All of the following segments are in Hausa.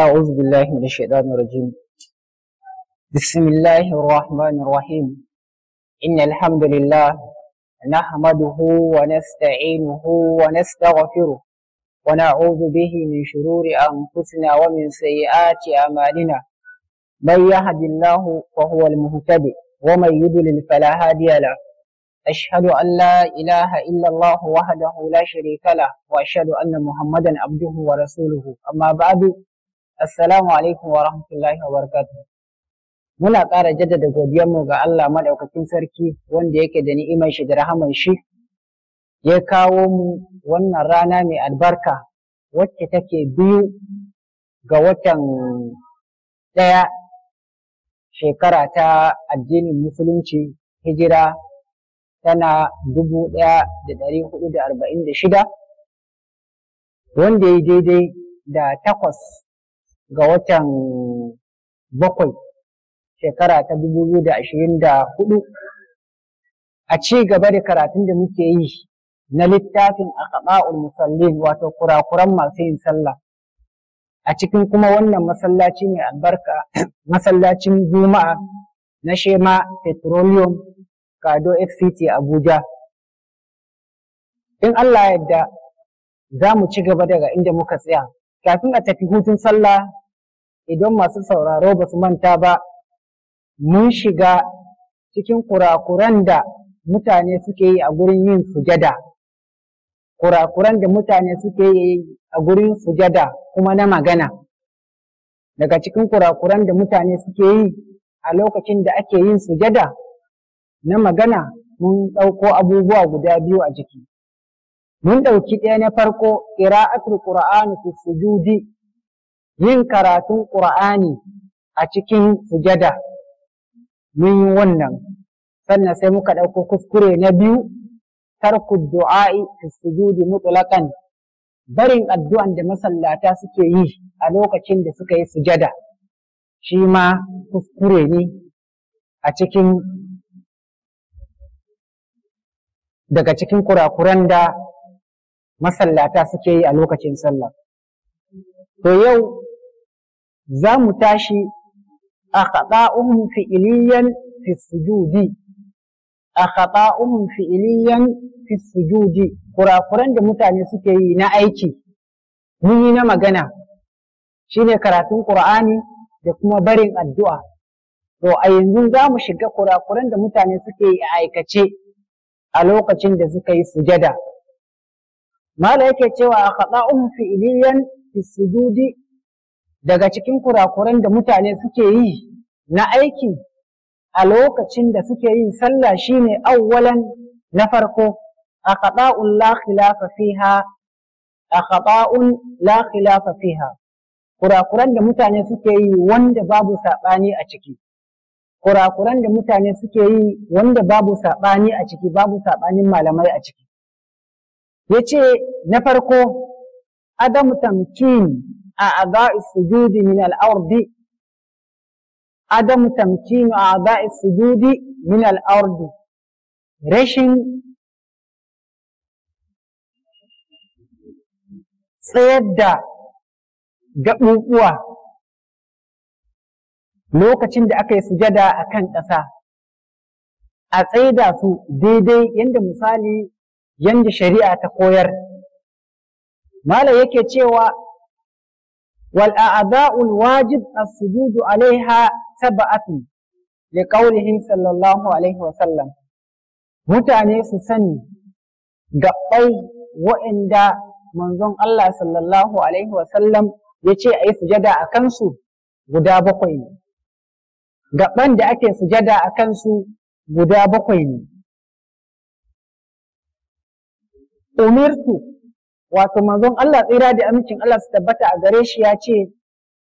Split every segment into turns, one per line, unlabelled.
أعوذ بالله من الشيطان الرجيم بسم الله الرحمن الرحيم إن الحمد لله نحمده ونستعينه ونستغفره ونعوذ به من شرور أنفسنا ومن سيئات أعمالنا من يهد الله فهو المهتدي ومن يضلل فلا هادي له أشهد أن لا إله إلا الله وحده لا شريك له وأشهد أن محمدا عبده ورسوله أما بعد Assalamu alaikum wa rahmatullahi wa barakatuh. Muna ƙara jaddada godiyarmu ga Allah maɗaukakin sarki wanda yake da ni'imar shi da rahaman shi, ya kawo mu wannan rana mai albarka wacce take biyu ga watan ɗaya shekara ta addinin musulunci hijira tana dubu ɗaya da ɗari hudu da arba'in da shida wanda ya daidai da takwas ga watan bakwai shekara ta dubu biyu da ashirin da hudu a ci gaba da karatun da muke yi na littafin aqma'ul musallin wato kurakuran masu yin sallah a cikin kuma wannan masallaci mai albarka masallacin juma'a na shema petroleum kado fct abuja in allah yadda za mu ci gaba daga inda muka tsaya kafin a tafi hutun sallah idan masu sauraro ba su manta ba mun shiga cikin kurakuran da mutane suke yi a gurin yin sujada kurakuran da mutane suke yi a gurin sujada kuma na magana daga cikin kurakuran da mutane suke yi a lokacin da ake yin sujada na magana mun ɗauko abubuwa guda biyu a jiki mun ɗauki ɗaya na farko ƙira'atul qur'ani fi sujudi yin karatun ƙur'ani a cikin sujada mun yi wannan sannan sai muka ɗauko kuskure na biyu tarku du'a'i fi sujudi mutlaqan barin addu'an da masallata suke yi a lokacin da suka yi sujada shi ma kuskure ne a cikin daga cikin kurakuran da masallata suke yi a lokacin sallah to yau za mu tashi a khata'uhum fi'iliyan fi sujudi a fi'iliyan fi sujudi kurakuran da mutane suke yi na aiki yi na magana shi ne karatun ƙur'ani da kuma barin addu'a to a yanzu za mu shiga kurakuran da mutane suke yi a aikace a lokacin da suka yi sujada mala yake cewa a khata'uhum fi'iliyan fi daga cikin kurakuran da mutane suke yi na aiki a lokacin da suke yin sallah shine awwalan na farko akhata'un la khilafa fiha la khilafa fiha kurakuran da mutane suke yi wanda babu sabani a ciki kurakuran da mutane suke yi wanda babu sabani a ciki babu sabanin malamai a ciki yace na farko عدم تمكين أعضاء السجود من الأرض عدم تمكين أعضاء السجود من tsayar da gaɓuɓuwa lokacin da aka yi sujada a kan ƙasa, a tsaida su daidai yadda misali yadda shari'a ta koyar. mala yake cewa wal a'da'ul wajib as-sujudu alaiha sab'atun liqaulihi sallallahu alaihi wa sallam mutane su sani gabbai waɗanda manzon Allah sallallahu alaihi wa sallam yace ayi sujada a kansu guda bakwai ne gaban da ake sujada a kansu guda bakwai ne umirtu wato manzon Allah tsira da amincin Allah su tabbata a gare shi ya ce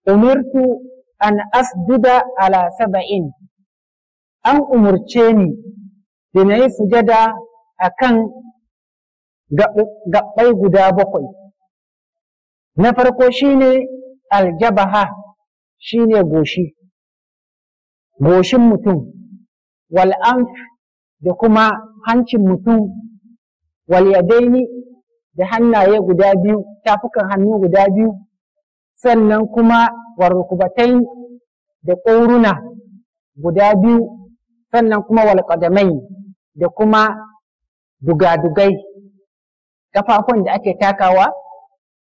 umirtu an asjuda ala saba'in an umurce ni da na yi sujada a kan gaɓɓai guda bakwai na farko shine aljabaha shine goshi goshin mutum wal'amf da kuma hancin mutum wal yadaini da hannaye guda biyu tafukan hannu guda biyu sannan kuma warrukubatai da ƙoruna guda biyu sannan kuma walƙadamai da kuma dugadugai kafafun da ake takawa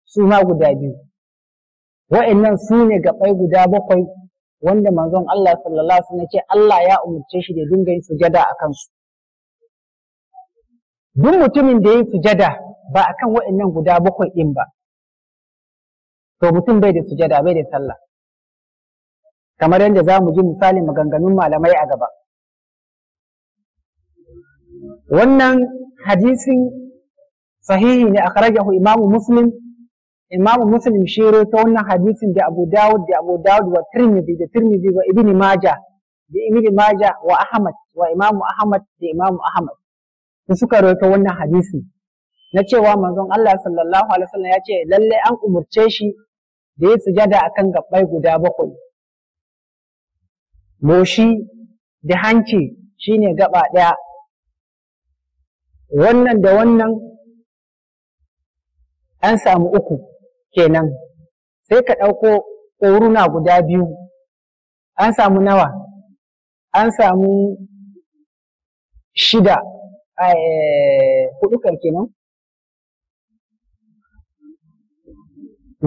su ma guda biyu wa'annan su ne gaɓai guda bakwai wanda manzon Allah sallallahu alaihi wasallam ce Allah ya umarce shi da dinga yin sujada a kansu duk mutumin da ya yi sujada ba a kan waɗannan guda bakwai ɗin ba to mutum bai da sujada bai da sallah kamar yadda za mu ji misalin maganganun malamai a gaba wannan hadisin sahihi ne a yahu imamu muslim imamu muslim shi ta wannan hadisin da abu dawud da abu dawud wa tirmidhi da tirmidhi wa ibn maja da ibn maja wa ahmad wa imamu ahmad da imamu ahmad su suka rawaito wannan hadisin. na cewa manzon Allah sallallahu alaihi wasallam ya ce lalle an umurce shi da ya sujada akan gabbai guda bakwai moshi da hanci shine gaba ɗaya wannan da wannan an samu uku kenan sai ka ɗauko ƙoruna guda biyu an samu nawa an samu shida a eh, hudu kenan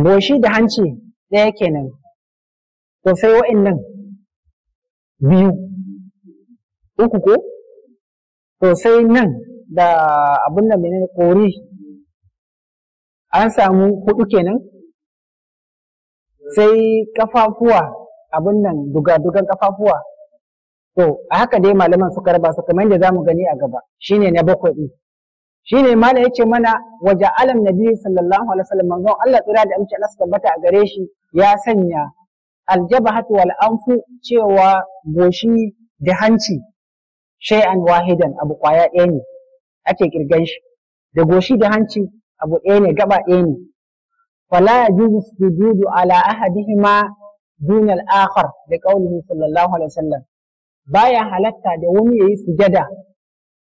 goshi da hanci ɗaya kenan to sai wa'annan biyu uku ko to sai nan da abin da menene kori an samu hudu kenan sai kafafuwa abin nan dugadugan kafafuwa to a haka dai malaman suka raba su kamar yadda mu gani a gaba shine na bakwai shine ya ce mana waje alam nabi sallallahu alaihi wasallam manzon Allah tsira da amince nasa tabbata a gare shi ya sanya aljabahatu wal anfu cewa goshi da hanci shay'an wahidan abu kwaya ɗaya ne ake kirgan shi da goshi da hanci abu ɗaya ne gaba ɗaya ne fala yajuzu sujudu ala ahadihima dun al-akhar da qaulihi sallallahu alaihi wasallam baya halatta da wani yayi sujada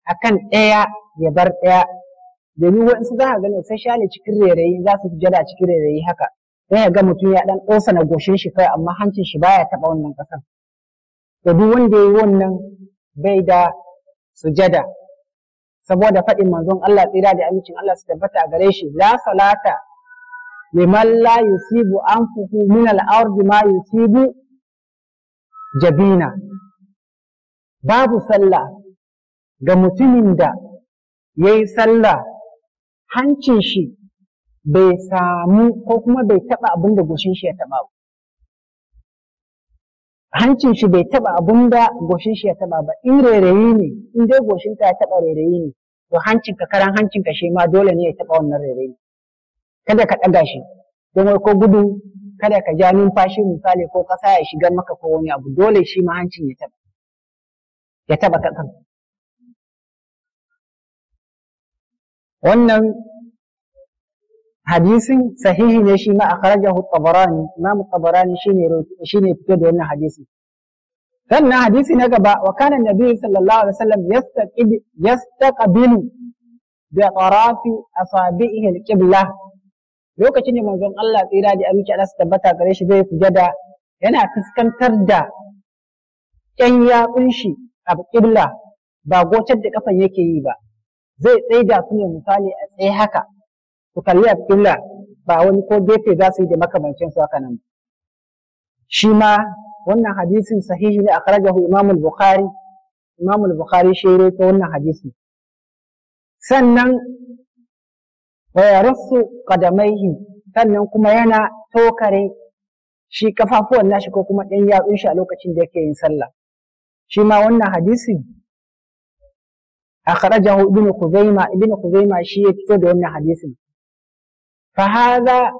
akan ɗaya ya bar ɗaya domin waɗansu za ka gani sai sha cikin rairayi za su jada cikin rairayi haka sai ga mutum ya dan ƙosa na goshin shi kai amma hancin shi baya taɓa wannan ƙasar da duk wanda ya yi wannan bai da sujada saboda faɗin manzon Allah tsira da amincin Allah su tabbata a gare shi la salata liman la yusibu anfuhu min al-ardi ma yusibu jabina babu sallah ga mutumin da ya yi sallah hancin shi bai samu ko kuma bai taɓa abin da goshin shi ya taɓa ba. Hancin shi bai taɓa abin da goshin shi ya taɓa ba, in rairayi ne, in dai goshin ka ya taɓa rairayi ne, to hancin ka karan hancin ka shi ma dole ne ya taɓa wannan rairayi. Kada ka ɗaga shi, don wai ko gudu kada ka ja numfashi misali ko ƙasa ya shigar maka ko wani abu dole shi ma hancin ya taɓa. Ya taɓa ƙasan. wannan hadisin sahihi ne shi ma akhrajahu tabarani imam tabarani shine shine fito da wannan hadisi sannan hadisi na gaba wa kana nabi sallallahu alaihi wasallam yastaqid yastaqbilu bi qarafi asabihi alqibla lokacin da manzon Allah tsira da amince Allah su tabbata gare shi zai sujada yana fuskantar da kyan ya kunshi a qibla ba gocar da kafan yake yi ba zai tsaida su ne misali a tsaye haka su kalli a killa ba wani ko gefe za su yi da makamancin su haka nan shi ma wannan hadisin sahihi ne a imam al-bukhari imam bukhari shi ya wannan hadisi sannan wa yarassu sannan kuma yana tokare shi kafafuwan nashi ko kuma ɗan yatsun shi a lokacin da yake yin sallah shi ma wannan hadisi akhrajahu ibn Khuzaima ibn Khuzaima shi ya fito da wannan hadisin fa hadha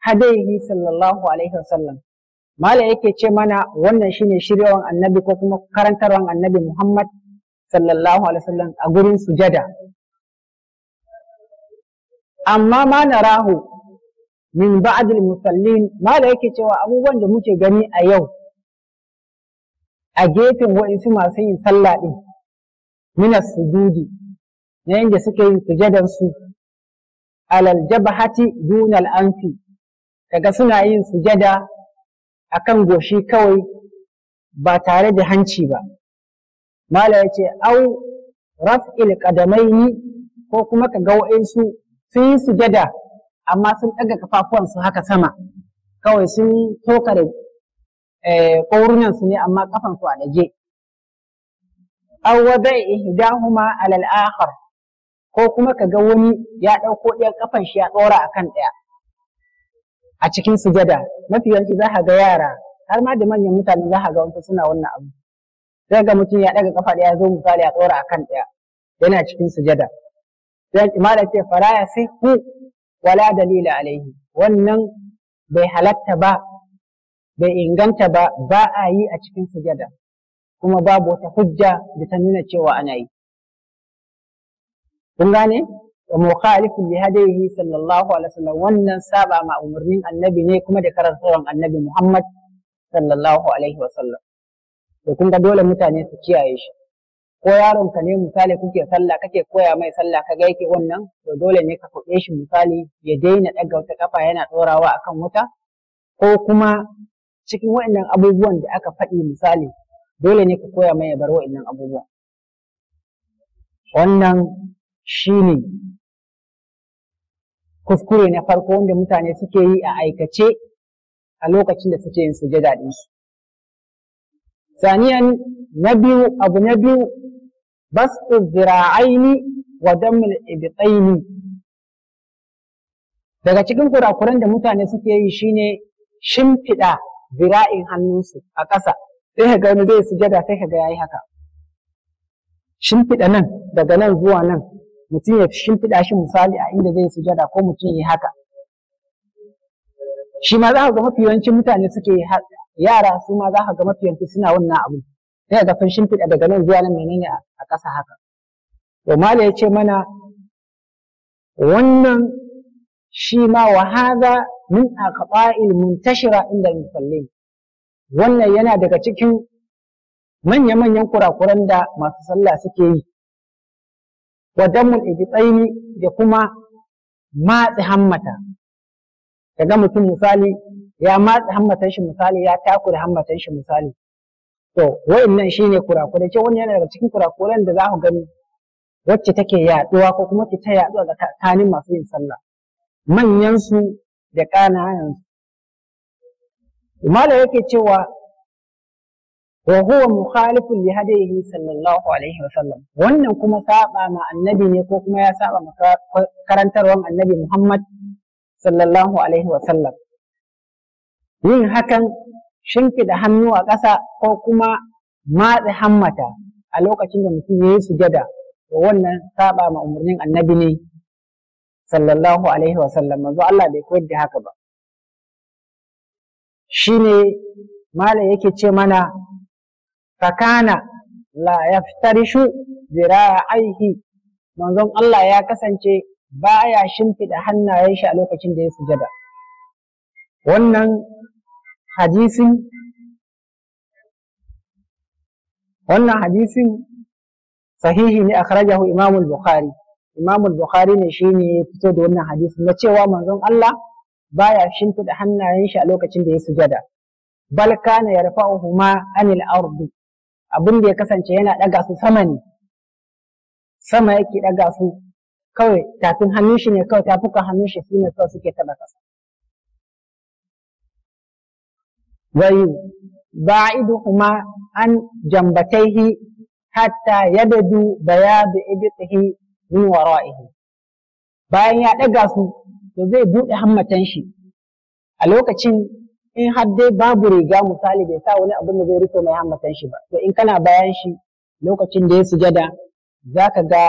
hadaihi sallallahu alaihi wasallam mala yake ce mana wannan shine shiryawan annabi ko kuma karantarwan annabi Muhammad sallallahu alaihi wasallam a gurin sujada amma ma narahu min ba'd musallin mala yake cewa abubuwan da muke gani a yau a gefen wa'insu masu yin sallah din minas sujudi na inda suke yin sujadan su alal jabhati dunal anfi kaga suna yin sujada akan goshi kawai ba tare da hanci ba mala yace au raf'il qadamaini ko kuma kaga su sun yi sujada amma sun ɗaga su haka sama kawai sun toka da eh, ƙaurunan su ne amma kafansu a daje aw wada'i ihdahuma ala al-akhar ko kuma ka ga wani ya ɗauko ɗayan kafan shi ya ɗora akan ɗaya a cikin sujada mafi yawanci za ka ga yara har ma da manyan mutane za ka ga wasu suna wannan abu sai ga mutum ya ɗaga kafa ɗaya zo misali ya ɗora kan ɗaya yana cikin sujada sai imala ce faraya sai ku wala dalila alaihi wannan bai halatta ba bai inganta ba ba a yi a cikin sujada kuma babu wata hujja da ta nuna cewa ana yi kun gane wa mukhalifun li sallallahu alaihi wasallam wannan saba ma umarnin annabi ne kuma da karantarwar annabi Muhammad sallallahu alaihi wasallam to kun ga dole mutane su kiyaye shi ko yaron ka ne misali kuke sallah kake koya mai sallah kaga yake wannan to dole ne ka kuɗe shi misali ya daina ɗaga wata kafa yana ɗorawa akan wuta ko kuma cikin waɗannan abubuwan da aka faɗi misali dole ne ka koya mai ya bar wainnan abubuwa wannan shi ne. kuskure na farko wanda mutane suke yi a aikace a lokacin da suke yin sujada ɗinsu. Saniyan na biyu abu na biyu basu zira'aini wa dammul ibtaini daga cikin kurakuran da mutane suke yi shine shimfiɗa zira'in hannunsu a ƙasa sai ka ga wani zai sujada sai ka ga yayi haka shimfiɗa nan daga nan zuwa nan mutum ya shimfiɗa shi misali a inda zai sujada ko mutum ya haka shi ma za ka ga mafi yawancin mutane suke yara su ma za ka ga mafi yawanci suna wannan abu sai ga sun shimfiɗa daga nan zuwa nan menene a ƙasa haka to mala ya ce mana wannan shi ma wa hadha min aqba'il muntashira inda musallin wannan yana daga cikin manya-manyan kurakuran da masu sallah suke yi wa damul ibtaini da kuma matsi hammata kaga mutum misali ya matsi hammatan shi misali ya takura hammatan shi misali to wayannan shine kurakurai ce wannan yana daga cikin kurakuran da za ku gani wacce take yaduwa ko kuma ta yaduwa tsakanin masu yin sallah manyan su da ƙananan su Imala yake cewa wa huwa mukhalifun li hadayhi sallallahu alaihi wa sallam wannan kuma saba ma annabi ne ko kuma ya saba ma karantarwan annabi Muhammad sallallahu alaihi wa sallam yin hakan da hannu a ƙasa ko kuma matsi hammata a lokacin da mutum ya yi sujada wannan saba ma umarnin annabi ne sallallahu alaihi wa sallam manzo Allah bai koyar da haka ba shine malam yake ce mana fakana la yaftarishu aiki, manzon Allah ya kasance baya shimfiɗa hannayen shi a lokacin da ya sujada wannan hadisin wannan hadisin sahihi ne akhrajahu imam bukhari imam bukhari ne shine ya fito da wannan hadisin na cewa manzon Allah baya shimfiɗa hannayen shi a lokacin da ya sujada bal kana yarfa'uhuma anil ardi abin da ya kasance yana daga su sama ne sama yake daga su kawai tafin hannun shi ne kawai tafukan hannun shi ne kawai suke taba kasa wayu ba'iduhuma an jambataihi hatta yabdu bayadu ibtihi min wara'ihi bayan ya daga su to zai buɗe hammatan shi a lokacin in har dai babu riga misali bai sa wani abin da zai rufe mai hammatan shi ba to in kana bayan shi lokacin da ya sujada ka ga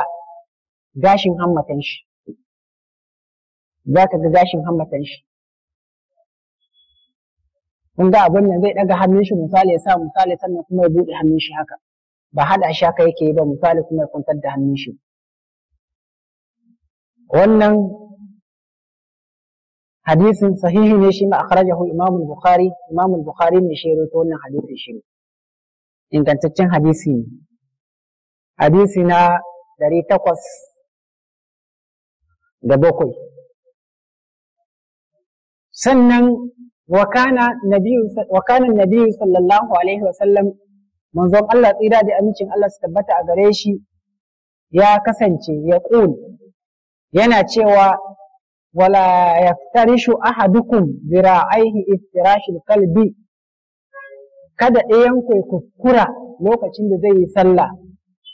gashin hammatan shi zaka ga gashin hammatan shi kun ga abin nan zai daga hannun shi misali ya sa misali sannan kuma ya buɗe hannun shi haka ba haɗa shi haka yake ba misali kuma ya kwantar da hannun shi wannan hadisin sahihi ne shi ma akhrajahu imam al-bukhari imam al-bukhari ne shi rawaito wannan hadisin shi ingantaccen hadisi ne hadisi na 800 da bakwai sannan wakana nabiyu wakana nabiyu sallallahu alaihi wa sallam manzon Allah tsira da amincin Allah su tabbata a gare shi ya kasance ya yana cewa ولا يفترش أحدكم ذراعيه افتراش القلب kada ɗayanku ya kuskura lokacin da zai yi sallah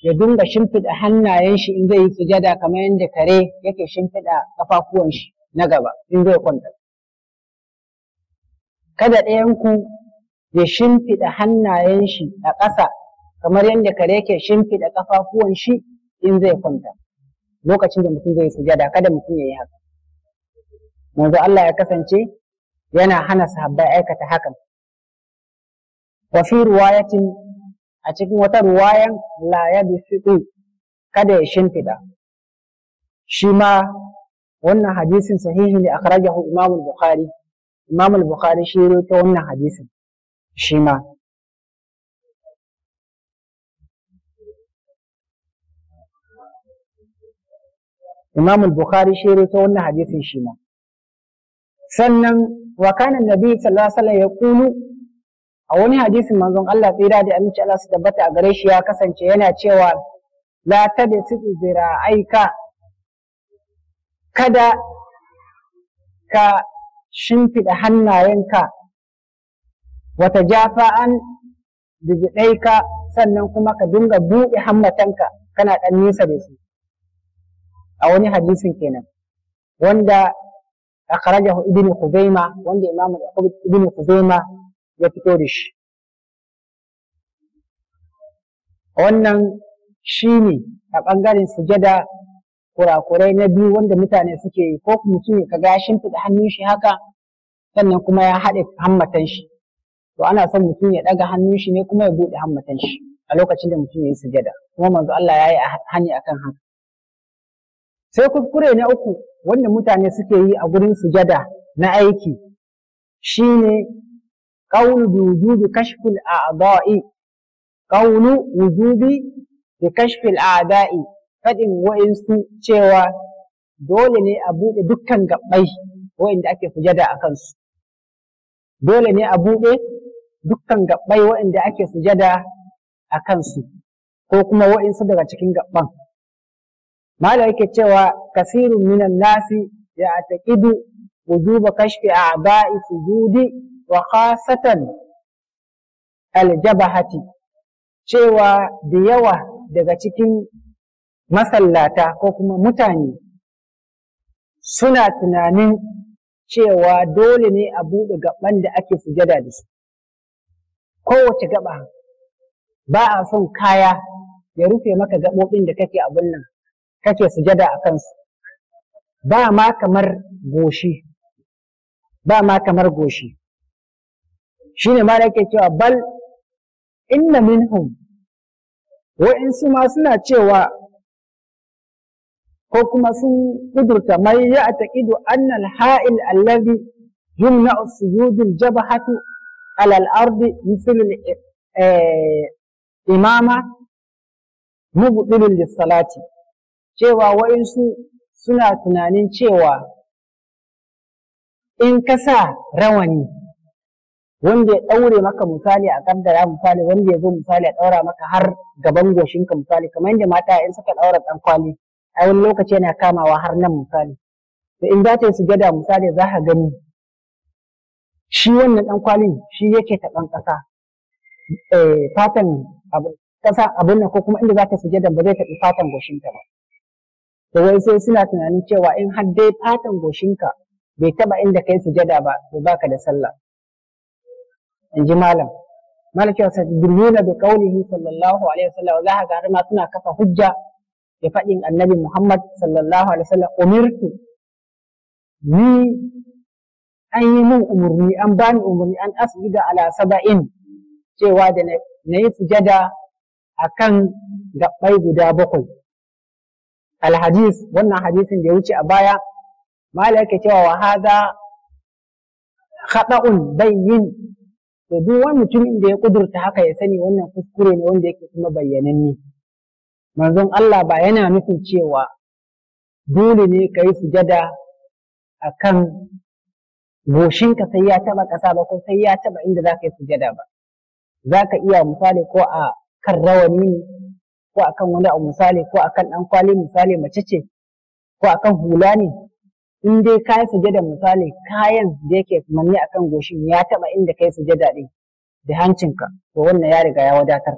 ya dunga shimfiɗa hannayen shi in zai yi sujada kamar yadda kare yake shimfiɗa kafafuwan shi na gaba in zai kwanta shimfiɗa hannayen shi a ƙasa kamar yadda kare yake lokacin da mutum zai sujada kada mutum ya yi haka manzo Allah ya kasance yana hana sahabbai aikata hakan wa fi ruwayatin a cikin wata ruwayan la yabsitu kada ya shimfida shi ma wannan hadisin sahihi ne akhrajahu Imam al-Bukhari Imam al-Bukhari shi ne ta wannan hadisin shi ma Imam al-Bukhari shi ne ta wannan hadisin shi ma sannan wa kana nabi sallallahu alaihi wasallam ya kulu a wani hadisin manzon Allah tsira da aminci Allah su tabbata a gare shi ya kasance yana cewa la tabsu zira'aika kada ka shimfiɗa hannayenka wata jafa'an ka sannan kuma ka dinga buɗe hammatanka kana ɗan nisa da su a wani hadisin kenan wanda akhrajahu ibnu khuzaima wanda imam ibnu khuzaima ya fito da shi wannan shine a bangaren sujada kurakurai na biyu wanda mutane suke yi ko mutum ka ga shin hannun shi haka sannan kuma ya haɗe hammatan shi to ana son mutum ya ɗaga hannun shi ne kuma ya buɗe hammatan shi a lokacin da mutum ya yi sujada kuma manzo Allah ya yi hani akan haka sai kuskure na uku wanda mutane suke yi a gurin sujada na aiki shine qawlu bi wujubi kashfil a'da'i qawlu wujubi bi kashfil a'da'i fadin wa'insu cewa dole ne a buɗe dukkan gabbai wa'inda ake sujada a kansu dole ne a buɗe dukkan gabbai wa'inda ake sujada a kansu ko kuma wa'insu daga cikin gabban malai yake cewa kasirun minan nasi ya taqidu wujuba kashfi a'ba'i sujudi wa khasatan aljabahati cewa da yawa daga cikin masallata ko kuma mutane suna tunanin cewa dole ne a buɗe gaban da ake sujada da su kowace gaba ba a son kaya ya rufe maka gaɓoɓin da kake abun nan kake sujada a kansu ba ma kamar goshi ba ma kamar goshi shine ma da yake cewa bal inna minhum wa'insu ma suna cewa ko kuma sun kudurta mai ya taqidu anna al ha'il alladhi yumna as-sujud al jabhatu ala al-ard misl imama mubdilun lis-salati cewa waɗansu suna tunanin cewa in ka sa rawani wanda ya ɗaure maka misali a ƙaddara misali wanda ya zo misali a ɗaura maka har gaban goshinka misali kamar yadda mata in suka ɗaura ɗan kwali a wani lokaci yana kamawa har nan misali to in za ta yi sujada misali za ka gani shi wannan ɗan kwalin shi yake taɓan ƙasa eh, fatan ƙasa abin nan ko kuma inda za ta sujada ba zai taɓi fatan ta ba to wai sai suna tunanin cewa in har dai fatan goshinka bai taba inda kai sujada ba to baka da sallah in ji malam malaki wasa sajidina bi qawlihi sallallahu alaihi wasallam za ka ga ma suna kafa hujja da fadin annabi Muhammad sallallahu alaihi wasallam umirtu ni an yi min umurni an bani umurni an asbida ala saba'in cewa da na yi sujada akan gabbai guda bakwai alhadis wannan hadisin da ya wuce a baya mala yake cewa wahaza hada khata'un bayyin to duk wani mutumin da ya kudurta haka ya sani wannan kuskure ne wanda yake kuma bayyananne manzon Allah ba yana nufin cewa dole ne ka yi sujada a kan goshinka sai ya taɓa ƙasa ba ko sai ya taba inda za ka yi sujada ba za ka iya misali ko a kan rawani ne ko akan wani abu misali ko akan ɗan kwali misali mace ce ko akan hula ne in dai ka yi sujada misali kayan da yake manne akan goshin ya taɓa inda ka yi sujada ɗin da hancinka to wannan ya riga ya wadatar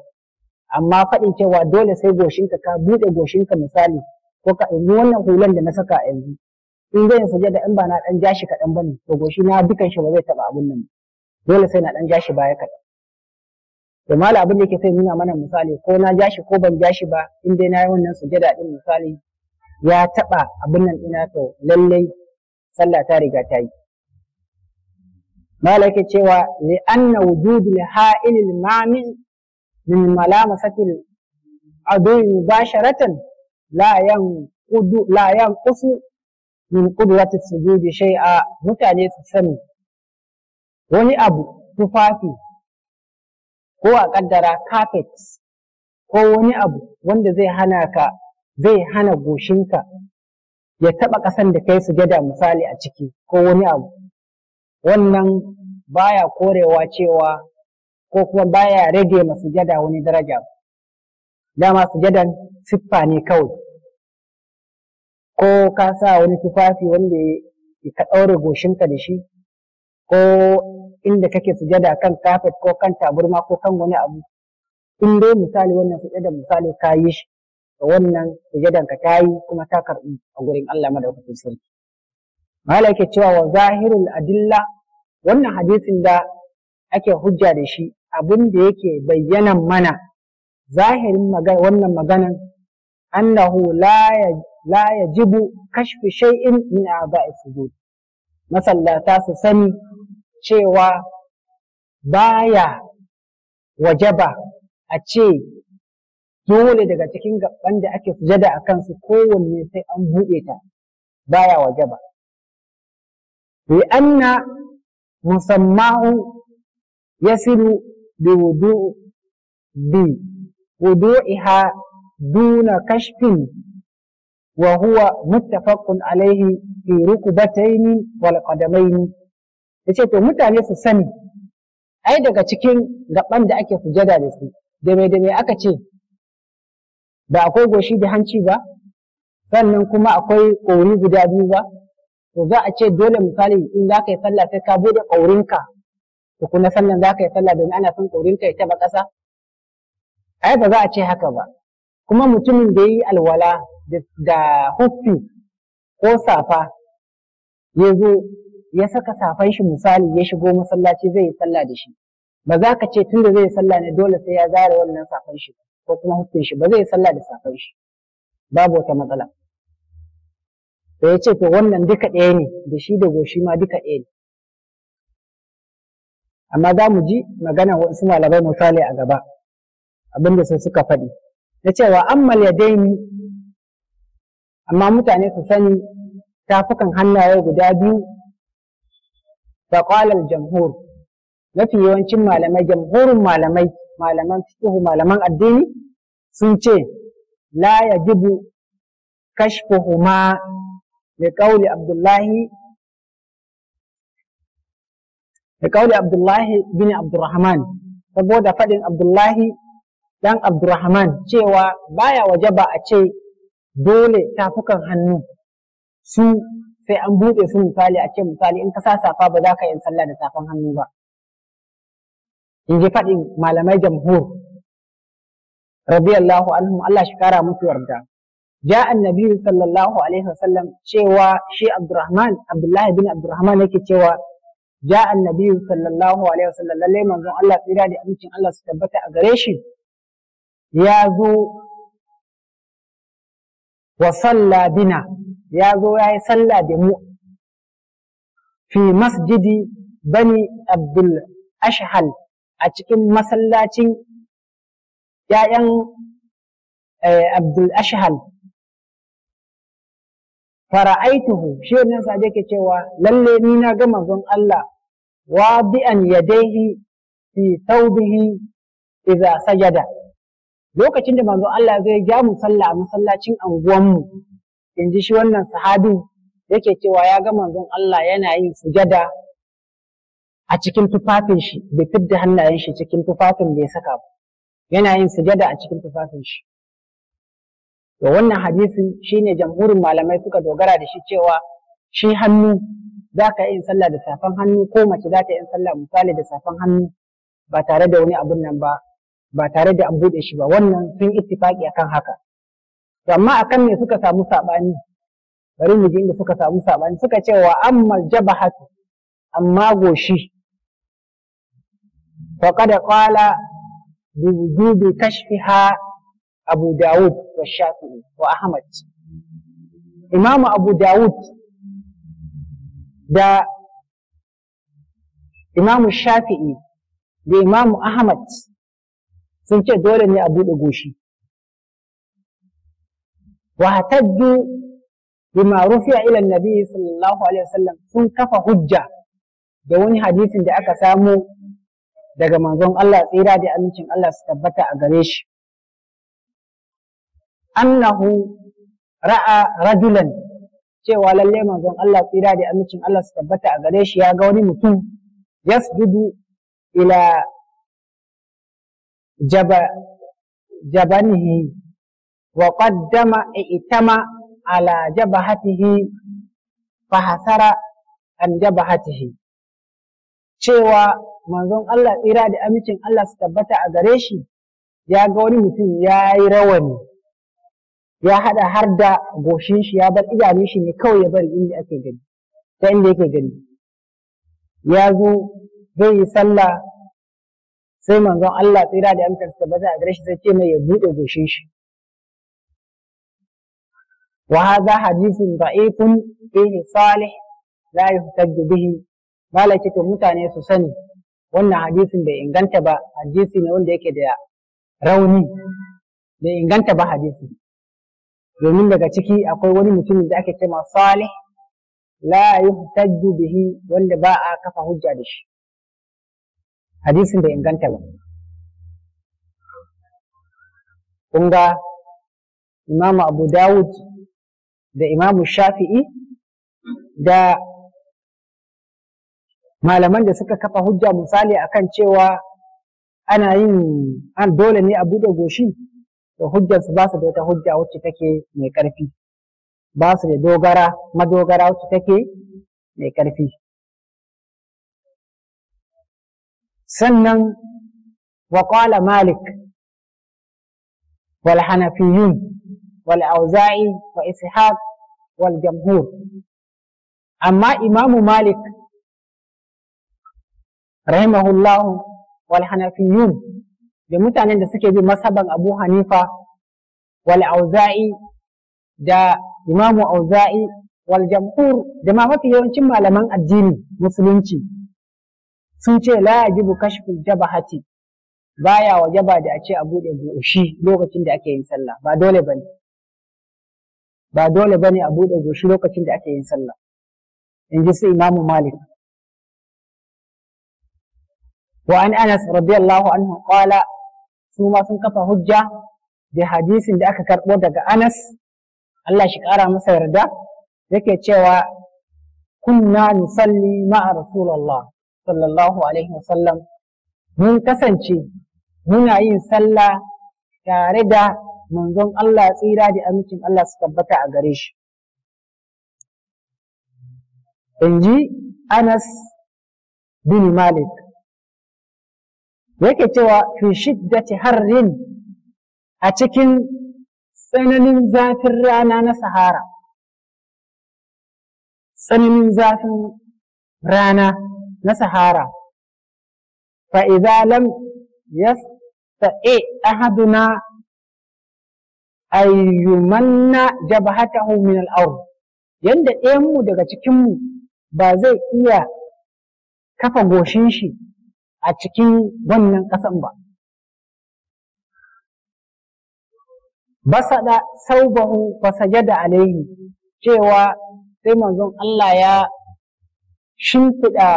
amma faɗin cewa dole sai goshinka ka buɗe goshinka misali ko ka yanzu wannan hulan da na saka a yanzu in zan sujada in ba na ɗan jashi kaɗan bane to goshi na dukan shi ba zai taɓa abun nan dole sai na ɗan jashi baya kaɗan to abin da yake sai nuna mana misali ko na ja shi ko ban ja shi ba in dai na yi wannan sujada din misali ya taba abin nan ina to lallai sallah ta riga ta yi malaka cewa li anna wujudul ha'ilil mani min malamasatil adu mubasharatan la yan qudu la yan qusu min qudratis sujudi shay'a mutane su sani wani abu tufafi ko a ƙaddara kafet ko wani abu wanda zai hana ka zai hana goshinka ya taɓa ƙasan da kai sujada misali a ciki ko wani abu wannan baya korewa cewa ko kuma baya rage ma sujada wani daraja dama sujadan siffa ne kawai ko ka sa wani tufafi wanda ka ɗaure goshinka da shi ko inda kake sujada kan kafet ko kan taburma ko kan wani abu in dai misali wannan sujada misali ka yi shi wannan sujadan ka ta yi kuma ta karɓi a gurin Allah madaukakin sarki mala yake cewa wa zahirul adilla wannan hadisin da ake hujja da shi abin da yake bayyana mana zahirin wannan maganan annahu la la yajibu kashfi shay'in min a'ba'i sujud masallata su sani cewa baya wajaba a ce dole daga cikin gaban da ake sujada a kansu kowanne sai an buɗe ta baya wajaba li'anna ya siru bi wudu bi iha duna kashfin wa huwa muttafaqun alayhi fi rukbatayn wal qadamayn ya ce to mutane su sani ai daga cikin gaban da ake sujada da su da mai da mai aka ce ba akwai goshi da hanci ba sannan kuma akwai ƙori guda biyu ba to za a ce dole misali in za ka yi sallah sai ka bude ƙaurinka kuma sannan za ka yi sallah domin ana son ƙaurinka ya taba ƙasa ai ba za a ce haka ba kuma mutumin da ya yi alwala da huffi ko safa ya zo ya saka safan shi misali ya shigo masallaci zai yi sallah da shi ba za ka ce tunda zai yi sallah ne dole sai ya zare wannan safan shi ko kuma hukun shi ba zai yi sallah da safan shi babu wata matsala da ya ce to wannan duka ɗaya ne da shi da goshi ma duka ɗaya ne amma za mu ji magana wasu malamai misali a gaba abinda su suka faɗi na cewa ammal ya daini amma mutane su sani tafukan hannaye guda biyu فقال الجمهور mafi yawancin malamai jamhurin malamai malaman fiqhu malaman addini sun ce la yajibu kashfuhuma li qawli abdullahi li abdullahi bin Abdurahman saboda faɗin abdullahi dan Abdurahman' cewa baya waje ba a ce dole tafukan hannu su sai an buɗe su misali a ce misali in ka sa safa ba za ka yin sallah da safan hannu ba in ji faɗin malamai jamhur radiyallahu anhum Allah shi kara musu yarda ja annabi sallallahu alaihi wasallam cewa shi abdullahi bin abdurrahman yake cewa ja annabi sallallahu alaihi wasallam lalle manzon Allah tsira da abincin Allah su tabbata a gare shi ya zo wa salla ya zo ya yi sallah da mu fi masjidi bani abdul ashhal a cikin masallacin ‘ya'yan eh, abdul ashhal fara'aituhu shi nan sade ke cewa lalle ni na ga manzon Allah Wa wadi'an yadaihi fi taubihi idza sajada lokacin da manzon Allah zai ja mu sallah a masallacin anguwanmu ji shi wannan sahabin yake cewa ya ga manzon Allah yana yin sujada a cikin tufafin shi bai fidda hannayen shi cikin tufafin da ya saka ba yana yin sujada a cikin tufafin shi to wannan hadisi shine jamhurin malamai suka dogara da shi cewa shi hannu za ka yin sallah da safan hannu ko mace za yin sallah misali da safan hannu ba tare da wani abun nan ba ba tare da an buɗe shi ba wannan sun ittifaki akan haka to amma akan ne suka samu saɓani? bari mu ji inda suka samu saɓani, suka ce wa ammal jabahatu amma goshi faqad qala bi wujubi kashfiha abu daud wa shafi'i wa ahmad imam abu daud da imam shafi'i da imam ahmad sun ce dole ne a buɗe goshi واعتدوا بما رفع إلى النبي صلى الله عليه وسلم sun kafa hujja da wani hadisin da aka samu daga manzon Allah tsira da amincin Allah su tabbata a gare shi annahu ra'a rajulan cewa lalle manzon Allah tsira da amincin Allah su tabbata a gare shi ya ga wani mutum yasdudu ila jaba jabanihi wa qaddama itama ala jabahatihi fa hasara an jabahatihi cewa manzon Allah tsira da amincin Allah su tabbata a gareshi. shi ya ga wani mutum ya yi rawani ya haɗa har da goshin shi ya bar idanun shi ne kawai ya bari inda ake gani ta inda yake gani ya zo zai yi sallah sai manzon Allah tsira da amincin su tabbata a gare shi sai ce mai ya buɗe goshin shi وهذا hadisin ضعيف فيه صالح لا يحتج به مالك to mutane su sani wannan hadisin bai inganta ba hadisi wanda yake da rauni bai inganta ba hadisi domin daga ciki akwai wani mutumin da ake cewa salih la yuhtajju bihi wanda ba kafa hujja da shi hadisin bai inganta ba kun ga abu dawud da imamu shafi'i da malaman da suka kafa hujja misali kan cewa ana yin an dole ne a buɗe goshi da hujjarsu ba su da hujja wacce take mai ƙarfi ba su da dogara madogara wacce take mai ƙarfi sannan wa malik wal hanafiyun wal auza'i wa ishaq Waljamhur amma imamu malik rahimahullahu wal hanafiyun da mutanen da suke bi masaban abu hanifa wal da imamu auza'i wal jamhur da ma mafi yawancin malaman addini musulunci sun ce la yajibu kashful jabahati baya wajaba da a ce a buɗe goshi lokacin da ake yin sallah ba dole bane ba dole bane a buɗe goshi lokacin da ake yin sallah in ji su imamu malik wa an anas radiyallahu anhu qala su ma sun kafa hujja da hadisin da aka karɓo daga anas Allah shi kara masa yarda yake cewa kunna nusalli ma'a rasulullah sallallahu alaihi wasallam mun kasance muna yin sallah tare da manzon Allah tsira da amincin Allah su tabbata a gare shi in ji Anas bin Malik yake cewa fi shiddati harrin a cikin tsananin zafin rana na Sahara tsananin zafin rana na Sahara fa idza lam yastati ahaduna ayyumanna jabhatahu min al-ard yanda ɗayan mu daga cikin mu ba zai iya kafa goshin shi a cikin wannan ƙasan ba basada saubahu fasajada alaihi cewa sai manzon Allah ya shimfiɗa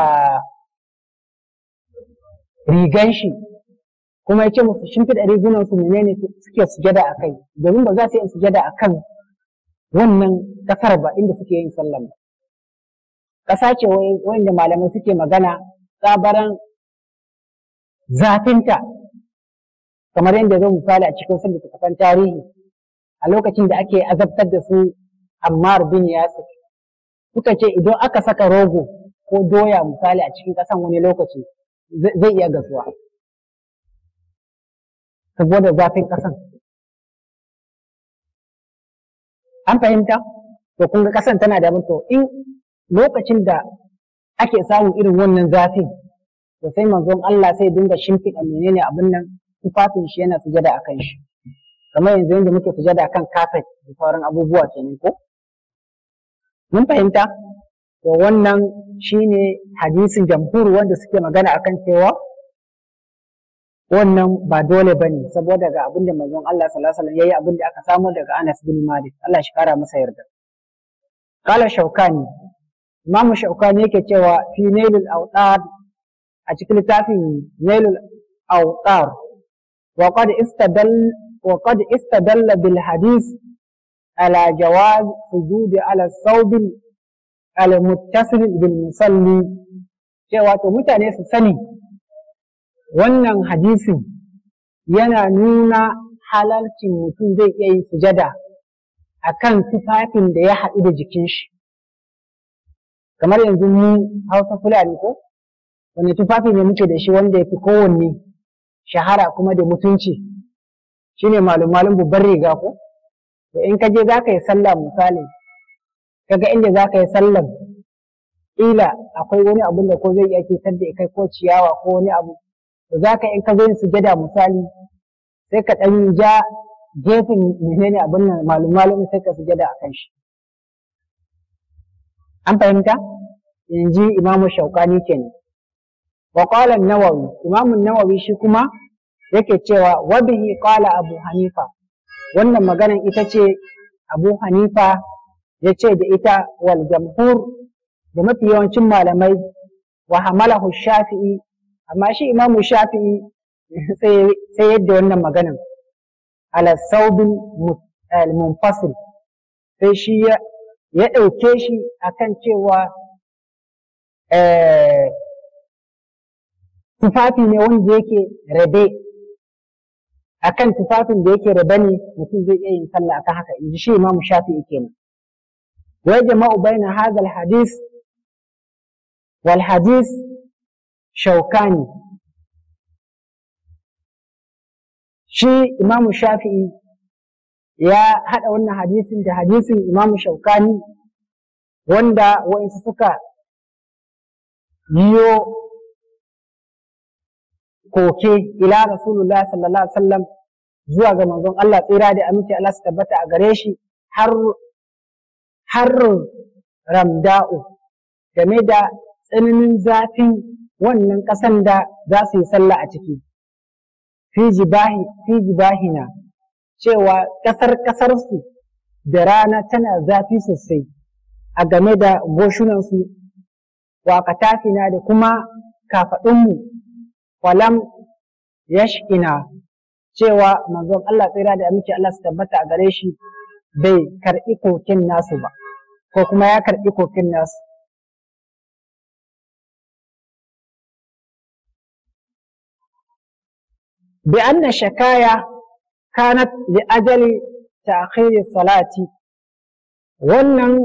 rigan shi kuma ya ce musu shimfiɗa rigunan su menene suke sujada a kai domin ba za su yi sujada a kan wannan ƙasar ba inda suke yin sallan ba ƙasa ce wanda malamai suke magana tsabaran zafinta kamar yadda zai misali a cikin sun littattafan tarihi a lokacin da ake azabtar da su ammar bin yasir suka ce idan aka saka rogo ko doya misali a cikin kasan wani lokaci zai iya gasuwa saboda zafin ƙasan an fahimta to kun ga ƙasan tana da to in lokacin da ake samun irin wannan zafin to sai manzon Allah sai dinga shimfiɗa menene abin nan tufafin shi yana sujada akan shi kamar yanzu yanda muke sujada kan kafet da sauran abubuwa kenan ko mun fahimta to wannan shine hadisin jamhur wanda suke magana akan cewa wannan ba dole ba ne saboda ga abin da manzon Allah sallallahu alaihi wasallam abin da aka samu daga Anas bin Malik Allah shi kara masa yarda kala shaukani Imam shaukani yake cewa fi nailul awtar a cikin littafin nailul awtar wa qad istadall wa qad istadalla bil hadis ala jawaz sujudi ala thawb al muttasil bil musalli cewa to mutane su sani wannan hadisin yana nuna halalcin mutum zai iya yi sujada a kan tufafin da ya haɗu da jikin shi kamar yanzu mu hausa fulani ko wani tufafi ne muke da shi wanda ya fi kowanne shahara kuma da mutunci shine malum malum babbar riga ko da in ka je za ka yi sallah misali kaga inda za ka yi sallah, ila akwai wani abun da ko zai iya cutar da kai ko ciyawa ko wani abu to za ka in ka zo yin sujada misali sai ka ɗan ja gefen menene abin nan malum malum sai ka gada a kan shi an fahimta yanzu imamu shaukani kenan wa qala an-nawawi imamu an-nawawi shi kuma yake cewa wa bihi qala abu hanifa wannan maganan ita ce abu hanifa ya ce da ita Waljamhur da mafi yawancin malamai wa hamalahu shafi'i amma shi imamu shafi'i sai yadda wannan maganan ala saubin munfasil sai shi ya dauke shi akan cewa tufafi ne wanda yake rabe akan tufafin da yake rabe ne mutum zai iya yin sallah akan haka inji shi imamu shafi'i kenan wa بين هذا الحديث والحديث shaukani shi imamu shafi'i ya haɗa wannan hadisin da hadisin imamu shaukani wanda wa'insu suka yiwo koke ila rasulullah sallallahu alaihi wasallam zuwa ga manzon Allah tsira da aminci Allah su tabbata a gare shi har har ramda'u game da tsananin zafin wannan ƙasan da za su yi sallah a ciki fi jibahina cewa ƙasar ƙasarsu da rana tana zafi sosai a game da goshunansu wa na da kuma kafaɗinmu walam yashkina cewa manzon Allah tsira da amince Allah su tabbata a gare shi bai karɓi kokin nasu ba ko kuma ya karɓi kokin nasu بأن الشكاية كانت لأجل تأخير الصلاة wannan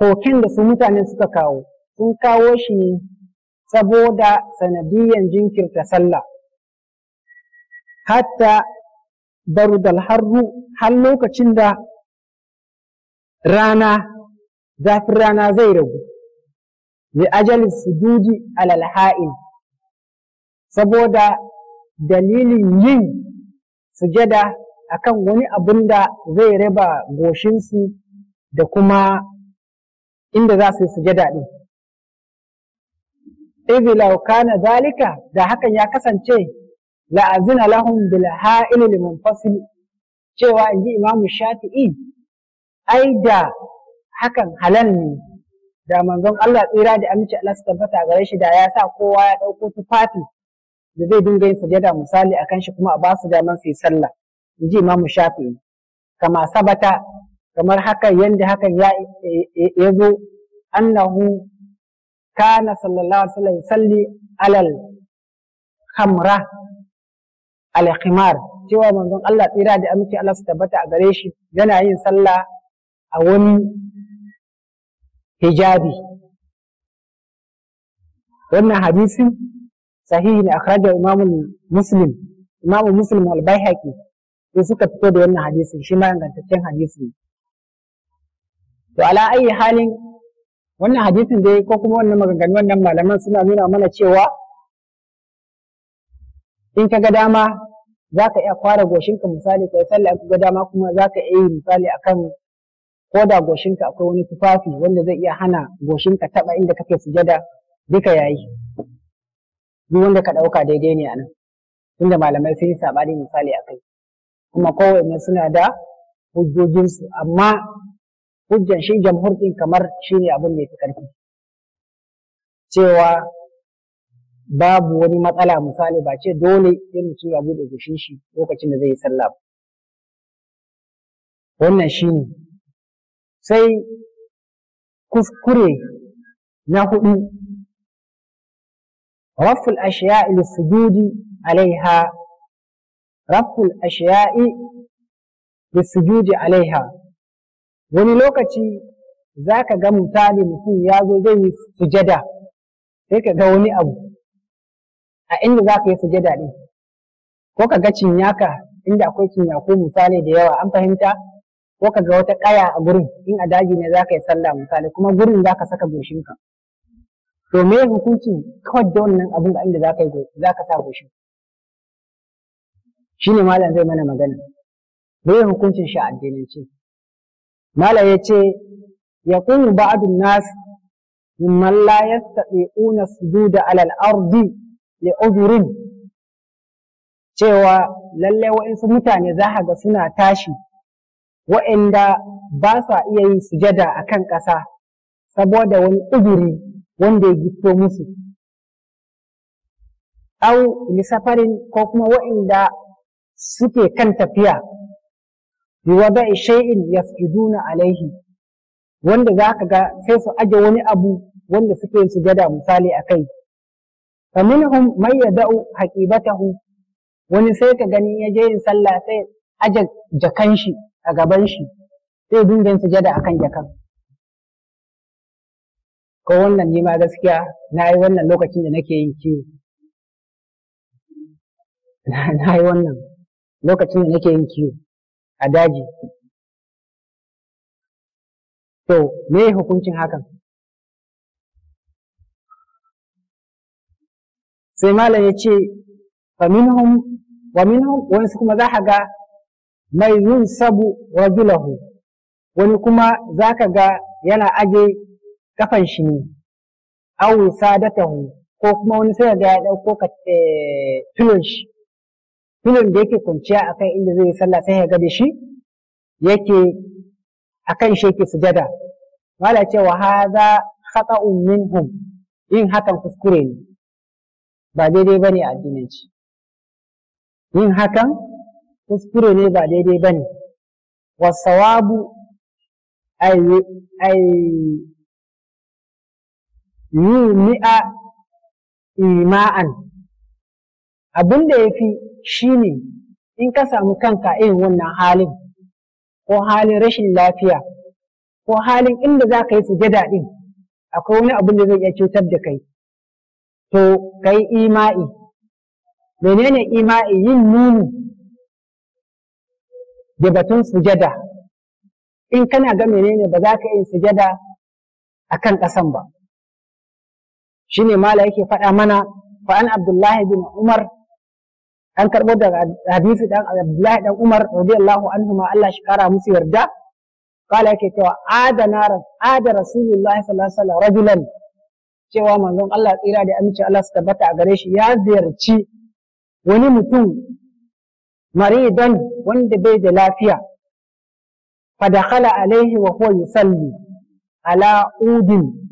koken da su mutane suka kawo sun kawo shi ne saboda sanadiyyan jinkirta sallah hatta barudal harru har lokacin da rana zafin rana zai ragu li ajali su alal ha'il saboda dalilin yin sujada kan wani abun da zai raba goshinsu da kuma inda za su yi sujada ɗin. Izi na zalika da hakan ya kasance la'azina lahum bil ha'il fasil cewa in ji imamu shafi'i ai da hakan halal ne da manzon Allah tsira da amince Allah su tabbata gare shi da ya sa kowa ya ɗauko tufafi da zai dinga yin sujada misali kan shi kuma a ba su daman su yi sallah in ji imamu shafi'i kama sabata kamar haka yanda hakan ya zo annahu kana sallallahu alaihi wasallam salli alal Hamra al khimar cewa manzon Allah tsira da aminci Allah su tabbata a gare shi yana yin sallah a wani hijabi wannan hadisin? sahihi ne akhraja imamu muslim imamu muslim al baihaqi sai suka fito da wannan hadisi shi ma ingantaccen hadisi to ala ayi halin wannan hadisin dai ko kuma wannan maganganun wannan malaman suna nuna mana cewa in ka ga dama za ka iya kwara goshinka misali kai sallah ka ga dama kuma za ka iya yi misali akan ko da goshinka akwai wani tufafi wanda zai iya hana goshin ka taba inda kake sujada duka yayi duk wanda ka ɗauka daidai ne a nan tunda malamai sun yi saɓani misali a kai kuma kowanne suna da hujjojinsu amma hujjan shi jamhur kamar shi ne abin da ya fi ƙarfi cewa babu wani matsala misali ba ce dole sai mu ya buɗe gushin shi lokacin da zai yi sallah ba wannan shi ne sai kuskure na hudu رف الأشياء للسجود عليها رف الأشياء للسجود عليها wani lokaci za ka ga misali mutum ya zo zai yi sujada sai ka ga wani abu a inda za ka yi sujada ɗin ko ka ga cinyaka inda akwai cinyaku misali da yawa an fahimta ko ka ga wata ƙaya a gurin in a daji ne za ka yi sallah misali kuma gurin za ka saka goshinka to me hukuncin kawai da wannan abin da za ka yi za ka sa goshi shi ne malam zai mana magana me hukuncin shi addinance malam ya ce ya kunu ba'adun nas man la yastati'una sujuda alal ardi li cewa lalle wa'insu mutane za ga suna tashi wa'inda ba sa iya yin sujada kan ƙasa saboda wani uduri wanda ya gifto musu au lisafarin ko kuma waɗanda suke kan tafiya bi wada shay'in yasjuduna alaihi wanda za ka ga sai su aje wani abu wanda suke sujada misali a kai fa haƙi man yada'u haqibatahu wani sai ka gani ya je yin sallah sai aje jakan shi a gaban shi sai dinga sujada kan jakan ko wannan ni ma gaskiya na yi wannan lokacin da nake yin kiwo na yi wannan lokacin da nake yin kiwo a daji to me hukuncin hakan sai malam ya ce minhum wa minhum wani kuma za ka ga mai yun sabu rajulahu wani kuma za ka ga yana aje kafan shi ne awu sadatan ko kuma wani sai ga ya dauko ka tulun eh, shi tulun da yake kunciya akan inda zai yi sallah sai ya ga da shi yake akan shi yake sujada wala cewa hadha khata'un minhum yin hakan kuskure ne ba daidai bane a shi. yin hakan kuskure ne ba daidai bane wasawabu ay ay yumi'a ima'an abin da ya fi shi ne in ka samu kanka irin wannan halin ko halin rashin lafiya ko halin inda za ka yi sujada ɗin akwai wani abin da zai iya cutar da kai to ka yi ima'i menene ima'i yin nuni da batun sujada in kana ga menene ba za ka yi sujada a kan ƙasan ba shi ne mala yake faɗa mana Fa'an abdullahi bin umar an karɓo daga hadisi ɗan abdullahi ɗan umar radiyallahu anhu ma Allah shi kara musu yarda kala yake cewa adana ada rasulullahi sallallahu alaihi wasallam rajulan cewa manzon Allah tsira da amince Allah su tabbata a gare shi ya ziyarci wani mutum maridan wanda bai da lafiya fadakhala alaihi wa huwa yusalli ala udin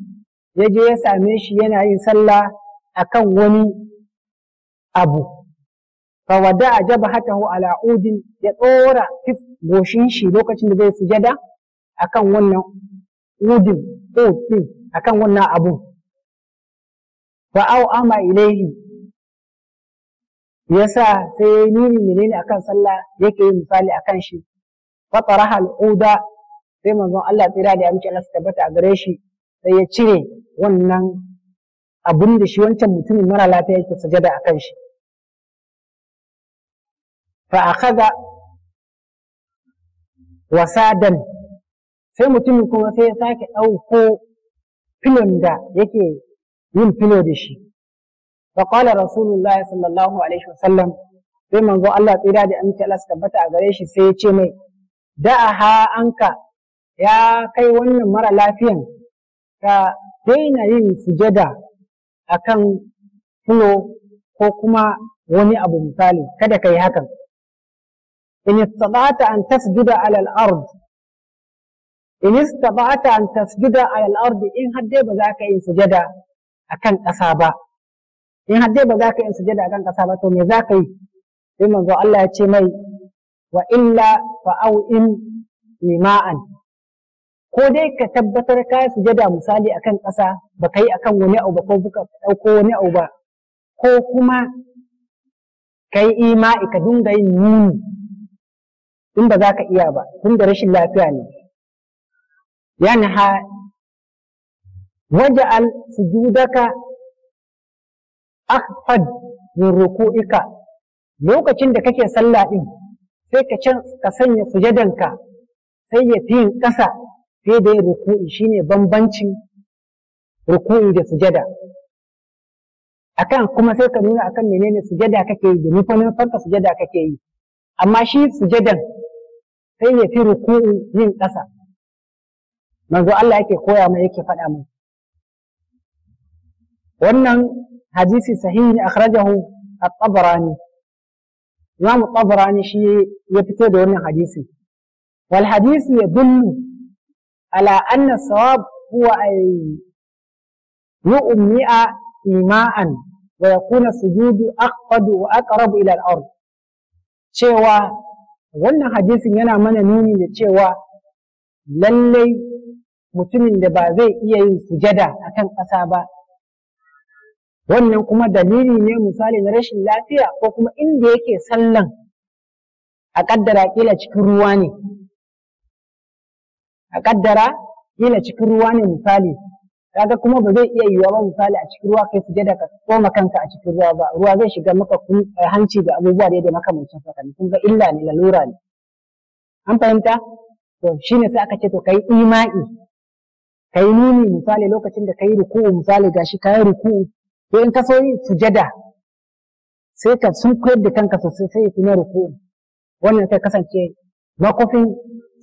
ya je ya same shi yana yin sallah akan wani abu fawada a jaba hata hu alaudin ya tsora fif goshin shi lokacin da zai sujada akan wannan udin a kan wannan abun fa au ama ilaihi sa sai ya yi nuni menene akan sallah yake yi misali akan shi fa taraha sai manzon Allah tsira da amince Allah bata a gare shi sai ya cire wannan abin da shi wancan mutumin mara lafiya yake sajada a kan shi fa wasa wasadan sai mutumin kuma sai ya sake ɗauko filon da yake yin filo da shi fa qala rasulullahi sallallahu alaihi wasallam sai manzo Allah tsira da aminci Allah suka bata a gare shi sai ya ce mai da'aha anka ya kai wannan mara lafiyan ka daina yin sujada akan fulo ko kuma wani abu misali kada ka yi hakan in istata an tasjuda ala al-ard in istata an tasjuda ala al-ard in hadde ba za ka yi sujada akan ƙasa ba in hadde ba za ka yi sujada akan ƙasa ba to me za ka yi sai manzo Allah ya ce mai wa illa fa au in ima'an ko dai ka tabbatar ka sujada misali akan ƙasa ba ka yi akan wani abu ba ko buka ɗauko wani abu ba ko kuma ka yi ima'i ka dinga yin nuni in ba za ka iya ba tun da rashin lafiya ne yanha waja'al sujudaka akhfad min ruku'ika lokacin da kake sallah din sai ka can ka sanya sujadanka sai ya fi yin ƙasa sai da ruku'i shine bambancin ruku'i da sujada akan kuma sai ka nuna akan menene sujada kake yi Da kuma farka sujada kake yi amma shi sujadan sai ya fi ruku'u yin ƙasa manzo Allah yake koya mai yake faɗa mai wannan hadisi sahihi akhrajahu at-tabarani Imam at-tabarani shi ya fito da wannan hadisi wal hadisi yadullu ala anna sawab huwa ay yu'mi'a ima'an wa yakuna sujudu aqadu wa aqrabu ila al-ard cewa wannan hadisin yana mana nuni da cewa lallai mutumin da ba zai iya yin sujada akan ƙasa ba wannan kuma dalili ne misali na rashin lafiya ko kuma inda yake sallan a ƙaddara ƙila cikin ruwa ne a kaddara kila cikin ruwa ne misali kaga kuma ba zai iya yiwa ba misali a cikin ruwa kai sujada ka koma kanka a cikin ruwa ba ruwa zai shiga maka eh, hanci da abubuwa da yadda mutum haka kun ga illa ne lalura ne an fahimta to shine sai aka ce to kai imai kai nuni misali lokacin da kai ruku'u misali gashi kai ruku'u to in ka so yi sujada sai ka sun koyar da kanka sosai sai ya ruku'u wannan sai kasance makofin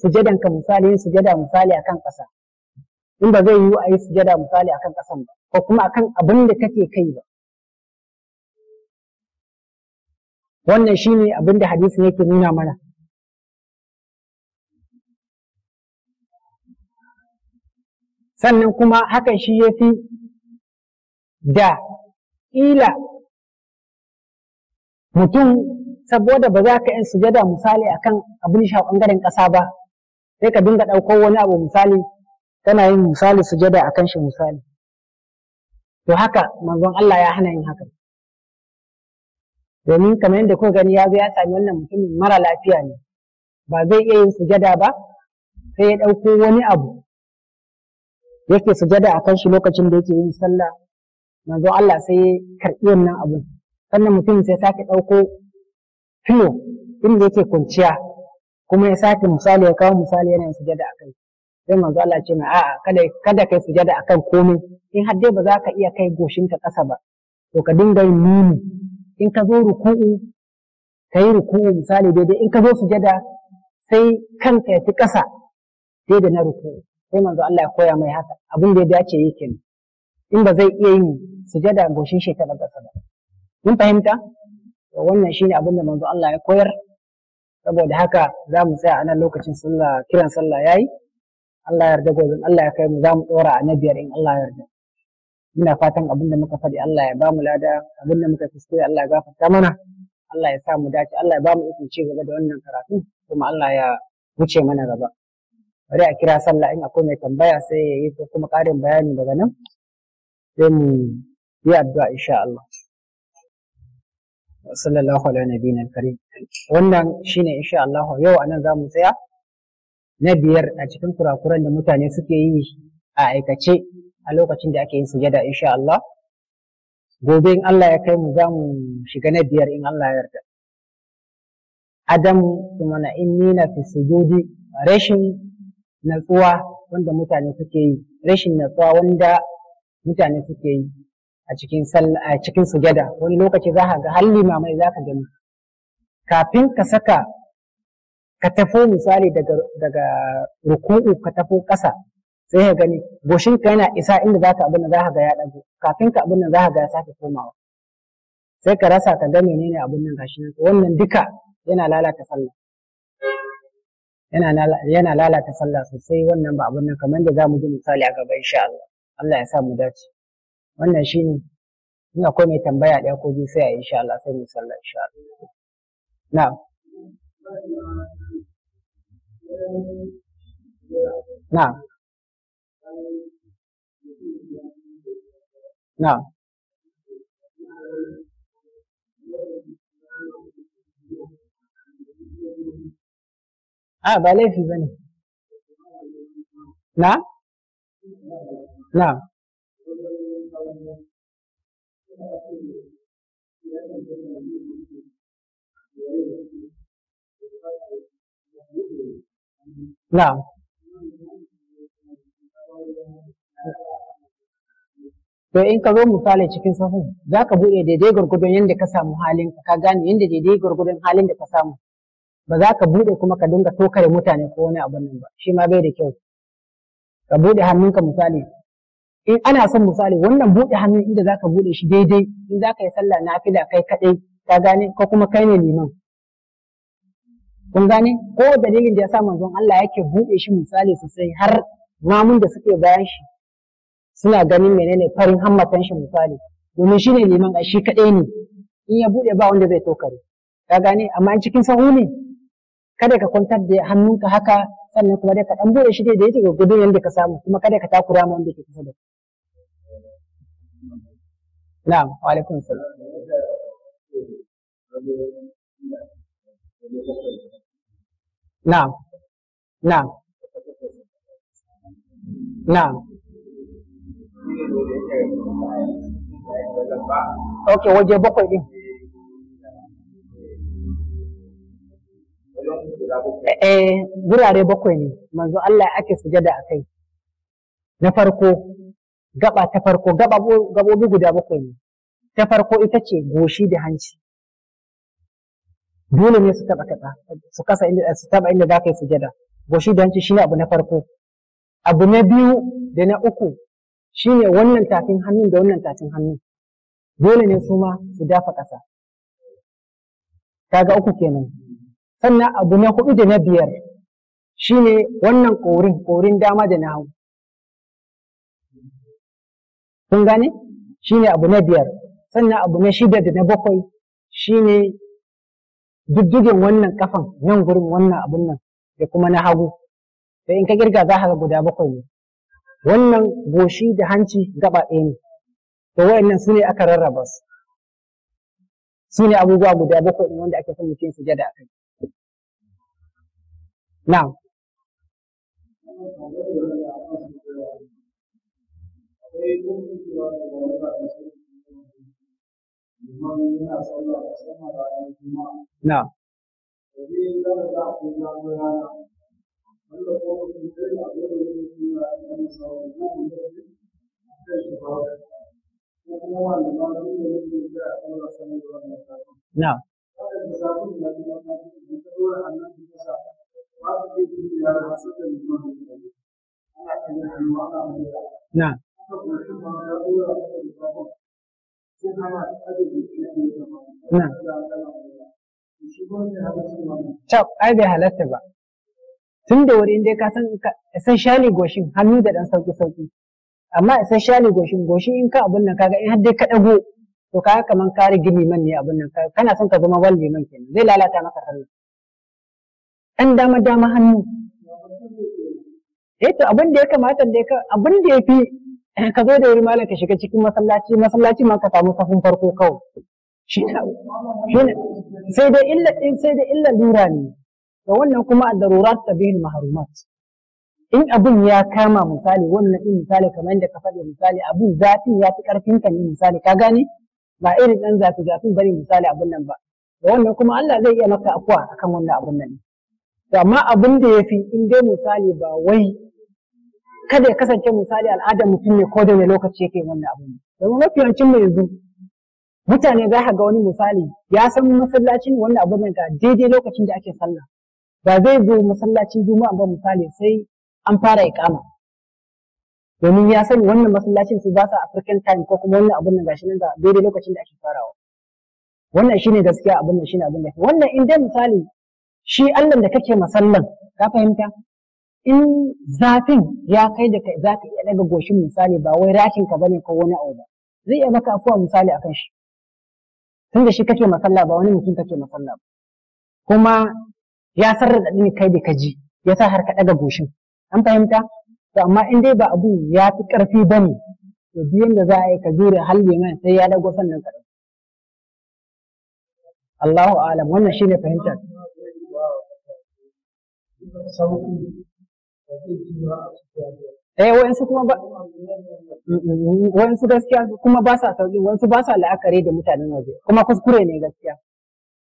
sujadan ka misali yin sujada misali akan ƙasa in ba zai yiwu a yi sujada misali akan ƙasan ba ko kuma akan abin da kake kai ba wannan shine abin da hadisi yake nuna mana sannan kuma hakan shi ya fi da ƙila mutum saboda ba za ka yin sujada misali akan abin sha ɓangaren ƙasa ba sai ka dinga ɗauko wani abu misali kana yin misali sujada a kan shi misali to haka manzon Allah ya hana yin haka domin kamar yadda kuka gani ya zo ya sami wannan mutumin mara lafiya ne ba zai iya yin sujada ba sai ya ɗauko wani abu yake sujada a kan shi lokacin da yake yin sallah manzon Allah sai ya karɓi wannan abun sannan mutumin sai sake ɗauko filo inda yake kwanciya kuma ya sake misali ya kawo misali yana sujada a kai. sai manzo Allah ce mai a'a kada kada kai sujada kan komai in har dai ba za ka iya kai goshinka ƙasa ba to ka dinga yin nuni in ka zo ruku'u ka yi ruku'u misali daidai in ka zo sujada sai kanka ya fi ƙasa da na ruku'u sai manzo Allah ya koya mai haka abin da ya dace yake ne in ba zai iya yin sujada goshin shi ta ƙasa ba mun fahimta to wannan shine abin da manzo Allah ya koyar saboda haka za mu tsaya a nan lokacin sallah kiran sallah yayi Allah ya yarda gobe Allah ya kai mu za mu dora a na biyar in Allah yarda ina fatan abin da muka faɗi Allah ya ba mu lada abin da muka kuskure Allah ya gafarta mana Allah ya sa mu dace Allah ya ba mu ikon ci gaba da wannan karatu kuma Allah ya wuce mana gaba bari a kira sallah in akwai mai tambaya sai ya yi ko kuma ƙarin bayani daga nan sai mu yi addu'a insha Allah sallallahu wa nabiyina karim wannan shine insha Allah yau anan zamu tsaya na biyar a cikin kurakuran da mutane suke yi a aikace a lokacin da ake yin sujada insha Allah gobe in Allah ya kai mu zamu shiga na biyar in Allah ya yarda adam kuma na inni na fi sujudi rashin natsuwa wanda mutane suke yi rashin natsuwa wanda mutane suke yi a cikin a cikin sujada wani lokaci za ka ga har limamai za ka gani kafin ka saka ka tafo misali daga daga ruku'u ka tafo ƙasa sai ka gani goshin ka yana isa inda za ka abin da za ka ga ya ɗago kafin ka abin da za ka ga ya sake komawa sai ka rasa ka ga menene abin nan gashi nan wannan duka yana lalata sallah yana lalata sallah sosai wannan ba abin nan kamar da za mu ji misali a gaba insha Allah Allah ya sa mu dace wannan shi ne, in akwai mai tambaya ɗaya ko biyu sai a insha Allah sai mu sallah insha Allah Na, na,
na. a
ba laifi ne. Na, na. نعم to in ka zo misali cikin sahun za ka buɗe daidai gwargwadon yadda ka samu halin ka gane yadda daidai gwargwadon halin da ka samu ba za ka buɗe kuma ka dinga tokare mutane ko wani abin nan ba shi ma bai da kyau ka buɗe hannunka misali in ana son misali wannan buɗe hannun inda ka buɗe shi daidai in zaka yi sallah na nafila kai kaɗai ka gane ko kuma kai ne liman kun gane ko dalilin da ya sa manzon Allah yake buɗe shi misali sosai har namun da suke bayan shi suna ganin menene farin hammatan shi misali domin shi ne liman a shi kaɗai ne in ya buɗe ba wanda zai tokare ka gane amma in cikin sahu ne kada ka kwantar da hannunka haka sannan kuma dai ka ɗan buɗe shi dai da yake gudun yadda ka samu kuma kada ka takura ma wanda ke kusa da نعم wa
السلام
نعم نعم نعم اوكي وجه waje bakwai din eh, eh gurare bakwai ne manzo Allah ake sujada akai na farko gaba ta farko gabobi guda bakwai ne ta farko ita ce goshi da hanci dole ne su taba kaɗa su kasa inda su taba inda za ka yi sujada goshi da hanci shine abu na farko abu na biyu da na uku shine wannan tafin hannun da wannan tafin hannun dole ne su ma su dafa ƙasa kaga uku kenan sannan abu na hudu da na biyar shine wannan korin korin dama da na hagu kun gane shine abu na biyar sannan abu na shida da na bakwai shine duddugen wannan kafan nan gurin wannan abun nan da kuma na hagu sai in ka girga za ka guda bakwai ne wannan goshi da hanci gaba ɗaya ne to wayannan su ne aka rarraba su su abubuwa guda bakwai ne wanda ake son mutum su jada akai na'am
نعم نعم نعم Cap,
ai bai halatta ba. Tun da wuri dai ka san san shali goshin hannu da ɗan sauƙi-sauƙi, Amma san shali goshin goshin in ka abun nan kaga in har dai ka ɗago to ka kaman ka rigi man ne abun nan kana son ka zama wal liman kenan zai lalata maka hannu. Ɗan dama dama hannu. Eh to abin da ya kamata da ya abin da ya fi Eh, ka zo da wuri malam ka shiga cikin masallaci masallaci ma ka samu safin farko kawai shi
ne
sai dai illa sai dai illa lura ne da wannan kuma ad-darurat tabihil mahrumat in abun ya kama misali wannan din misali kamar yadda ka faɗi misali abun zafin ya fi karfin ka ne misali ka gane ba irin dan zafi zafin bari misali abun nan ba da wannan kuma Allah zai iya maka afuwa akan wannan abun nan to amma abun da yafi in dai misali ba wai kada ya kasance misali al'adar mutum ne ko da wani lokaci yake wannan abu domin mafi yawancin mu yanzu mutane za ka ga wani misali ya san masallacin wannan abu ne ga daidai lokacin da ake sallah ba zai zo masallacin juma'a ba misali sai an fara iqama domin ya sani wannan masallacin su ba sa African time ko kuma wannan abun ne gashi nan ga daidai lokacin da ake farawa wannan shine gaskiya abun nan shine abun da wannan in dai misali shi Allah da kake masallan ka fahimta in zafin ya kai da kai zaka iya daga goshin misali ba wai rakin ka bane ko wani abu ba zai iya maka afuwa misali akan shi tunda shi kake masalla ba wani mutum kake masalla ba kuma ya sarrada ne kai da kaji ya sa har ka daga goshin an fahimta to amma in dai ba abu ya fi karfi bane to biyan da za a yi ka jure halli man sai ya dago sannan ka Allahu a'lam wannan shine fahimta
Eh wa'insu kuma ba
wa'insu gaskiya kuma ba sa sauki wa'insu ba sa la'akari da mutanen waje kuma kuskure ne gaskiya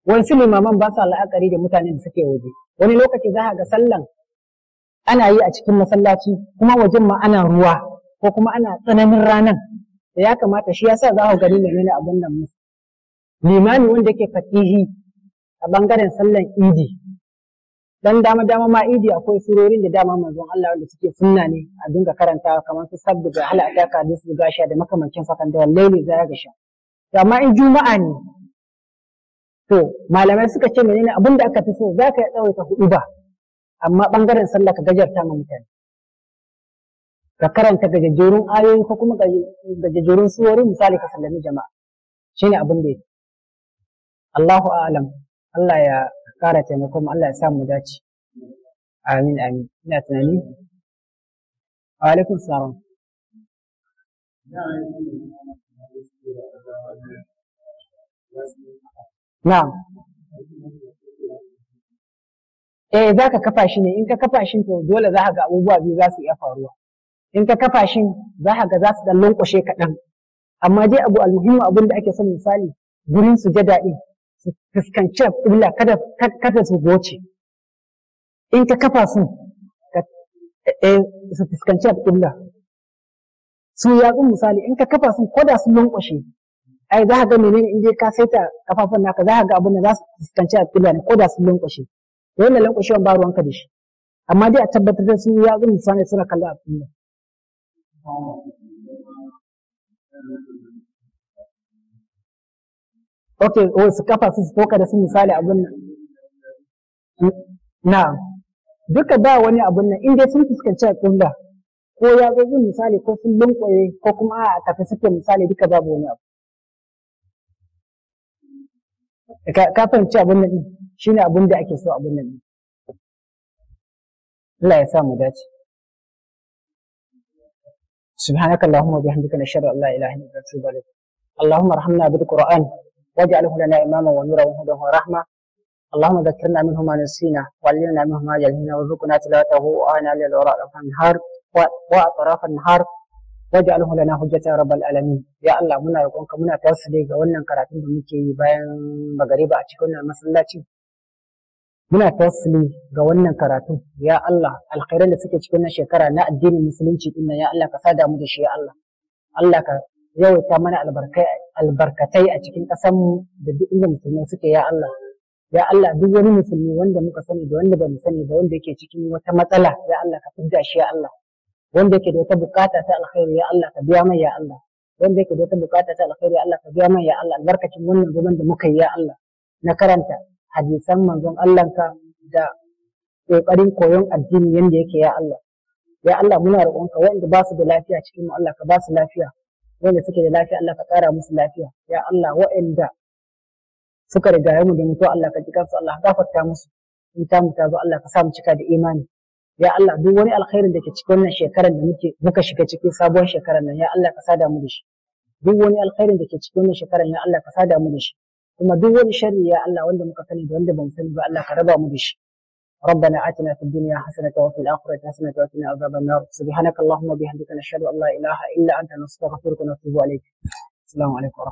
wa'insu limaman ba sa la'akari da mutanen da suke waje wani lokaci za ga sallan ana yi a cikin masallaci kuma wajen ma ana ruwa ko kuma ana tsananin ranan da ya kamata shi yasa za ku gani menene abun nan musu limami wanda yake fatihi a bangaren sallan idi dan dama dama ma idi akwai surorin da dama manzon Allah wanda suke sunna ne a dinga karanta kamar su sabbi da hala ta ka su gasha da makamancin sakan da wallahi za ga sha to amma in juma'a ne to malamai suka ce menene abin da aka fi so za ka ya ka hudu ba amma bangaren sallah ka gajarta ma mutane ka karanta gajajjerun ayoyi ko kuma gajajjerun surorin misali ka sallami jama'a shine abin da yake Allahu a'lam Allah ya ƙara taimakon Allah ya samu dace amin amin ina tunani wa alaikum salam na'am eh za ka kafa shi ne in ka kafa shi to dole za ka ga abubuwa biyu za su iya faruwa in ka kafa shi za ka ga za su dan lankwashe kaɗan amma dai abu almuhimmi abin da ake son misali gurin sujada din fuskanci ƙibla kada kada su goce in ka kafa su eh, su fuskanci ƙibla su yatsun misali in ka kafa sun koda sun lankwashe ai za ka ga menene in dai ka saita kafafun naka za ka ga abin da za su fuskanci a ne koda sun lankwashe to wannan lankwashewan ba ruwanka da shi amma dai a tabbatar da su yatsun misali suna kallon a kila ok o su kafa su foka da su misali abun nan na duka ba wani abun nan inda sun fuskanci a ƙilla ko ya zo zai misali ko sun lunkwaye ko kuma a kafa suke misali duka babu wani abu ka fahimci abun nan shi ne abun da ake so abun nan Allah ya sa mu dace سبحانك اللهم وبحمدك نشهد ان لا اله الا انت نستغفرك اللهم ارحمنا بالقران واجعله لنا إماما ونورا وهدى ورحمة اللهم ذكرنا منه ما نسينا وعلمنا منه ما جهلنا وارزقنا تلاوته وآنا ليل وراء النهار وأطراف النهار واجعله لنا hujjata ya rabbal alamin ya Allah muna roƙonka muna tawassuli ga wannan karatun da muke yi bayan magariba a cikin wannan masallaci muna tawassuli ga wannan karatun ya Allah alkhairan da suke cikin wannan shekara na addinin musulunci din ya Allah ka sada mu da shi ya Allah Allah ka yawaita mana albarkatai a cikin ƙasanmu da duk inda musulmai suke ya Allah ya Allah duk wani musulmi wanda muka sani da wanda ba mu sani ba wanda yake cikin wata matsala ya Allah ka fidda shi ya Allah wanda yake da wata bukata ta alkhairi ya Allah ka biya mai ya Allah wanda yake da wata bukata ta alkhairi ya Allah ka biya mai ya Allah albarkacin wannan zaman da muka yi ya Allah na karanta hadisan manzon Allah ka da kokarin koyon addini yanda yake ya Allah ya Allah muna roƙonka wanda ba su da lafiya cikin mu Allah ka ba su lafiya wanda suke da lafiya Allah ka ƙara musu lafiya ya Allah waɗanda suka riga mu da mutuwa Allah ka ji kansu Allah gafarta musu in ta mutu zo Allah ka sa mu cika da imani ya Allah duk wani alkhairin da ke cikin wannan shekarar da muke muka shiga cikin sabuwar shekarar nan ya Allah ka sada mu da shi duk wani alkhairin da ke cikin wannan shekarar ya Allah ka sada mu da shi kuma duk wani sharri ya Allah wanda muka sani da wanda bamu sani ba Allah ka raba mu da shi ربنا اتنا في الدنيا حسنه وفي الاخره حسنه وقنا عذاب النار سبحانك اللهم وبحمدك نشهد ان لا اله الا انت نستغفرك ونتوب اليك السلام عليكم ورحمه الله